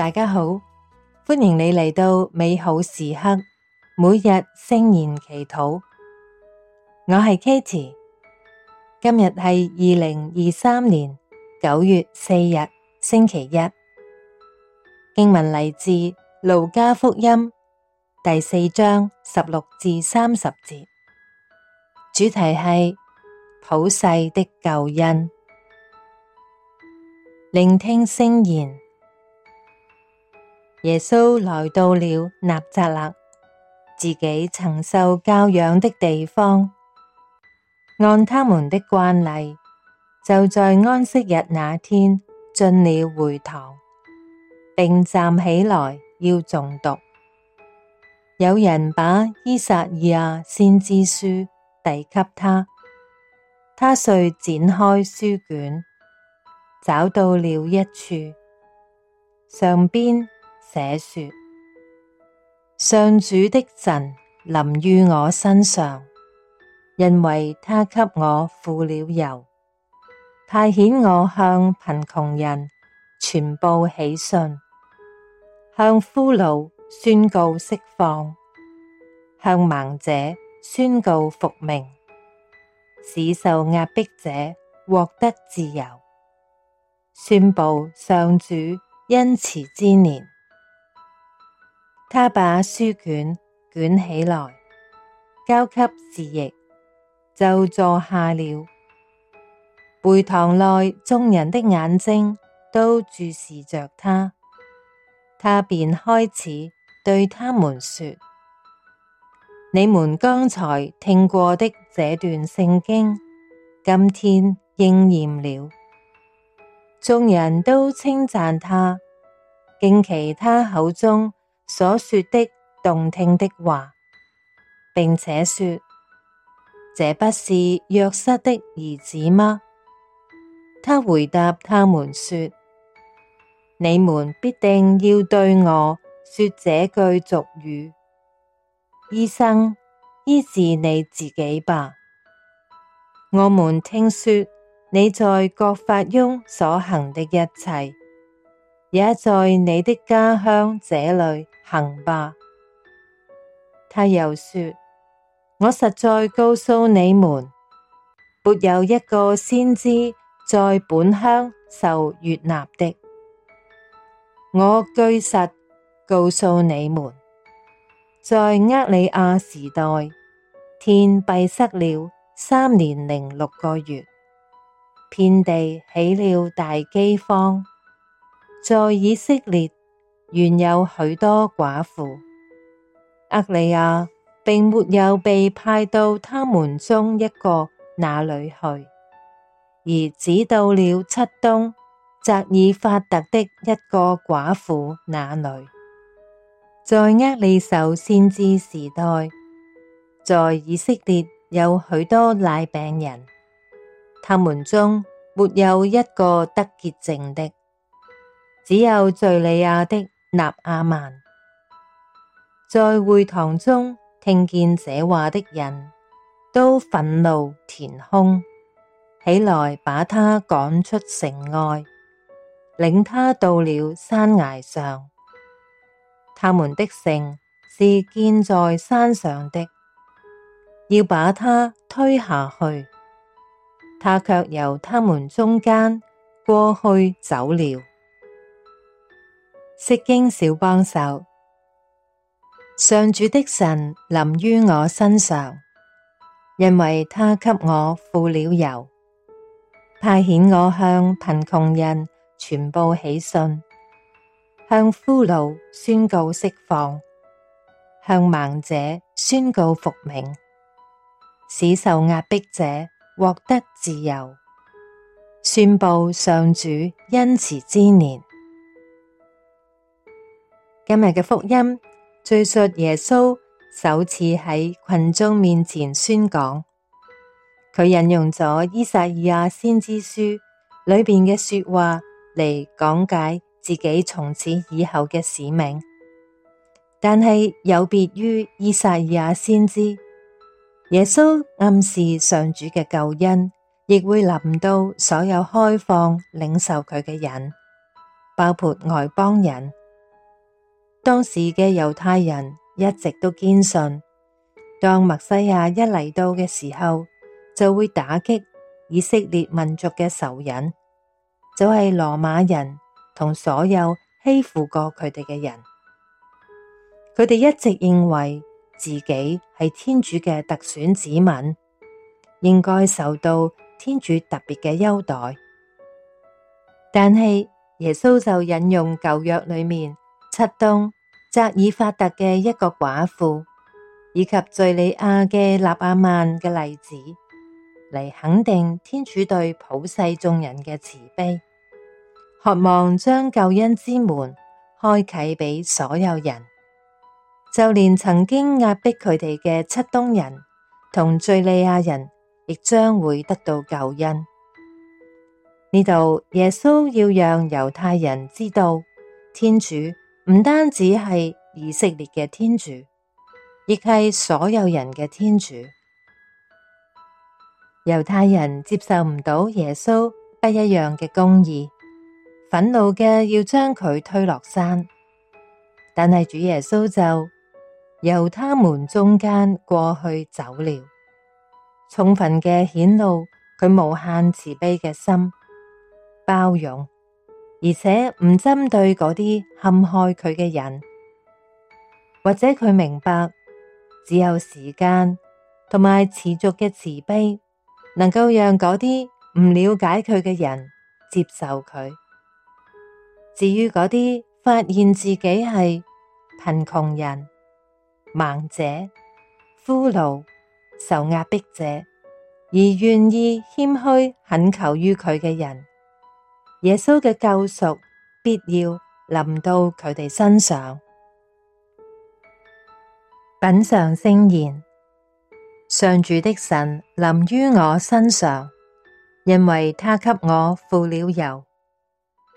大家好，歡迎你嚟到美好時刻，每日聖言祈禱。我係 Katie，今日係二零二三年九月四日星期一。經文嚟自路加福音第四章十六至三十節，主題係普世的救恩。聆聽聖言。耶穌來到了納匝肋，自己曾受教養的地方。按他們的慣例，就在安息日那天進了會堂，並站起來要誦讀。有人把依撒意亞先知書遞給他，他遂展開書卷，找到了一處，上邊，寫說，上主的神臨於我身上，因為他給我傅了油，派遣我向貧窮人傳報喜訊，向俘虜宣告釋放，向盲者宣告復明，使受壓迫者獲得自由，宣布上主恩慈之年。他把書卷捲起來，交給侍役，就坐下了。會堂內眾人的眼睛都注視着他，他便開始對他們說：你們剛才聽過的這段聖經，今天應驗了。眾人都稱讚他，驚奇他口中。所說的動聽的話，並且說這不是若瑟的兒子嗎？他回答他們說：你們必定要對我說這句俗語，醫生醫治你自己吧。我們聽說你在葛法翁所行的一切，也在你的家鄉這裏。行吧，他又說：我實在告訴你們，沒有一個先知在本鄉受悅納的。我據實告訴你們，在厄里亞時代，天閉塞了三年零六個月，遍地起了大饑荒，在以色列。原有許多寡婦，厄里亞並沒有被派到他們中一個那裡去，而只到了漆冬匝爾法特的一個寡婦那裡。在厄里叟先知時代，在以色列有許多癩病人，他們中沒有一個得潔淨的，只有敘利亞的。納阿曼。在會堂中聽見這話的人都憤怒填胸，起來把他趕出城外，領他到了山崖上。他們的城是建在山上的，要把他推下去，他卻由他們中間過去走了。釋經小幫手，上主的神臨於我身上，因為他給我傅了油，派遣我向貧窮人傳報喜訊，向俘虜宣告釋放，向盲者宣告復明，使受壓迫者獲得自由，宣布上主恩慈之年。今日嘅福音敘述耶穌首次喺群眾面前宣講，佢引用咗依撒意亞先知書裏邊嘅說話嚟講解自己從此以後嘅使命，但係有別於依撒意亞先知，耶穌暗示上主嘅救恩亦會臨到所有開放領受佢嘅人，包括外邦人。當時嘅猶太人一直都堅信，當默西亞一嚟到嘅時候，就會打擊以色列民族嘅仇人，就係羅馬人同所有欺負過佢哋嘅人。佢哋一直認為自己係天主嘅特選子民，應該受到天主特別嘅優待。但係耶穌就引用舊約裡面。漆冬匝爾法特嘅一個寡婦，以及敘利亞嘅納阿曼嘅例子，嚟肯定天主對普世眾人嘅慈悲，渴望將救恩之門開啟俾所有人，就連曾經壓迫佢哋嘅漆冬人同敘利亞人，亦將會得到救恩。呢度耶穌要讓猶太人知道天主。唔單止係以色列嘅天主，亦係所有人嘅天主。猶太人接受唔到耶穌不一樣嘅公義，憤怒嘅要將佢推落山。但係主耶穌就由他們中間過去走了，充分嘅顯露佢無限慈悲嘅心，包容。而且唔針對嗰啲陷害佢嘅人，或者佢明白只有時間同埋持續嘅慈悲，能夠讓嗰啲唔了解佢嘅人接受佢。至於嗰啲發現自己係貧窮人、盲者、俘虜、受壓迫者，而願意謙虛懇求於佢嘅人。耶穌嘅救贖必要臨到佢哋身上。品嚐聖言，上主的神臨於我身上，因為他給我傅了油，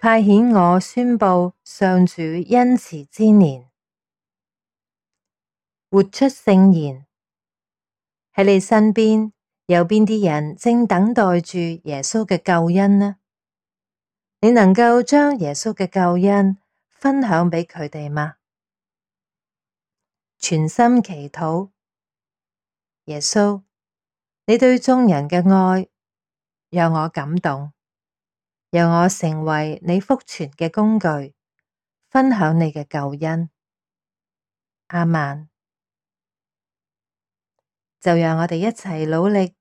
派遣我宣布上主恩慈之年。活出聖言。喺你身邊有邊啲人正等待住耶穌嘅救恩呢？你能夠將耶穌嘅救恩分享畀佢哋嗎？全心祈禱，耶穌，你對眾人嘅愛讓我感動，讓我成為你福傳嘅工具，分享你嘅救恩。阿曼，就讓我哋一齊努力，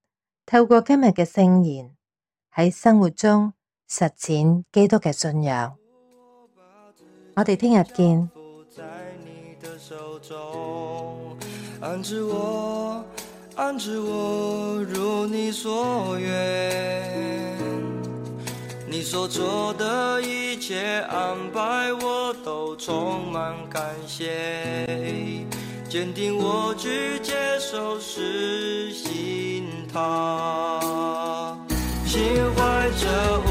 透過今日嘅聖言喺生活中。實踐基督嘅信仰，我哋聽日見。